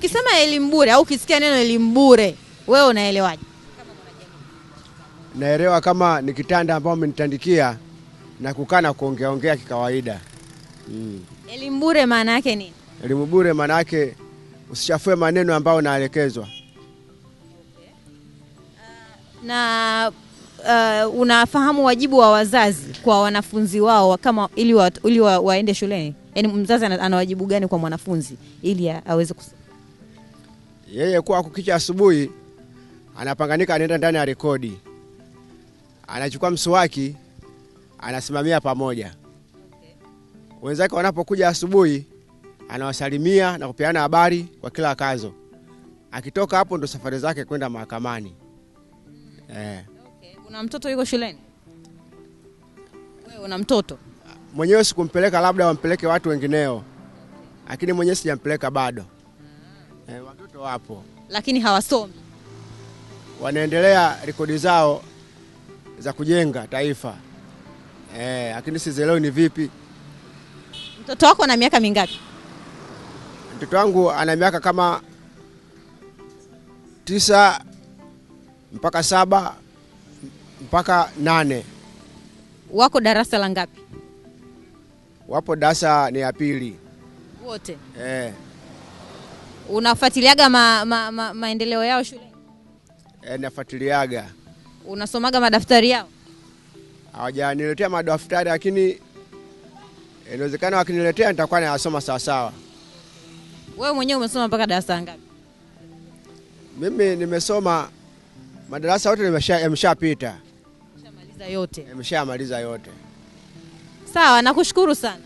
tukisema elimu bure au ukisikia neno elimu bure, wewe unaelewaje? Naelewa kama ni kitanda ambao umenitandikia na kukaa na ongea kikawaida. Mm. Elimu bure maana yake nini? Elimu bure maana yake usichafue maneno ambayo naelekezwa. na uh, unafahamu wajibu wa wazazi kwa wanafunzi wao kama ili, wa, ili wa, waende shuleni, yaani mzazi ana wajibu gani kwa mwanafunzi ili aweze kusoma? yeye kuwa kukicha asubuhi anapanganika, anaenda ndani ya rekodi, anachukua mswaki, anasimamia pamoja okay. Wenzake wanapokuja asubuhi anawasalimia na kupeana habari kwa kila kazo. Akitoka hapo ndo safari zake kwenda mahakamani. Mm. Eh. Okay. Una mtoto yuko shuleni? Wewe una mtoto? Mwenyewe sikumpeleka, labda wampeleke watu wengineo, lakini mwenyewe sijampeleka bado. E, watoto wapo lakini hawasomi, wanaendelea rekodi zao za kujenga taifa eh, lakini sizielewi ni vipi. Mtoto wako ana miaka mingapi? Mtoto wangu ana miaka kama tisa mpaka saba mpaka nane. Wako darasa la ngapi? Wapo darasa ni ya pili wote eh. Unafuatiliaga ma, ma, ma, maendeleo yao shule E, nafuatiliaga. Unasomaga madaftari yao? Hawajaniletea madaftari lakini inawezekana wakiniletea nitakuwa nayasoma sawasawa. Wewe mwenyewe umesoma mpaka darasa ngapi? Mimi nimesoma madarasa yote yameshapita, nimeshamaliza yote, nimeshamaliza yote. Sawa, nakushukuru sana.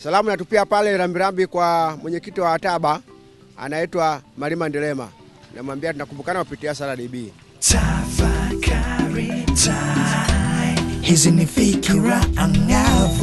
Salamu natupia pale rambirambi kwa mwenyekiti wa Ataba anaitwa Malima Ndelema, namwambia tunakumbukana kupitia Sala DB. Tafakari hizi ni fikira angavu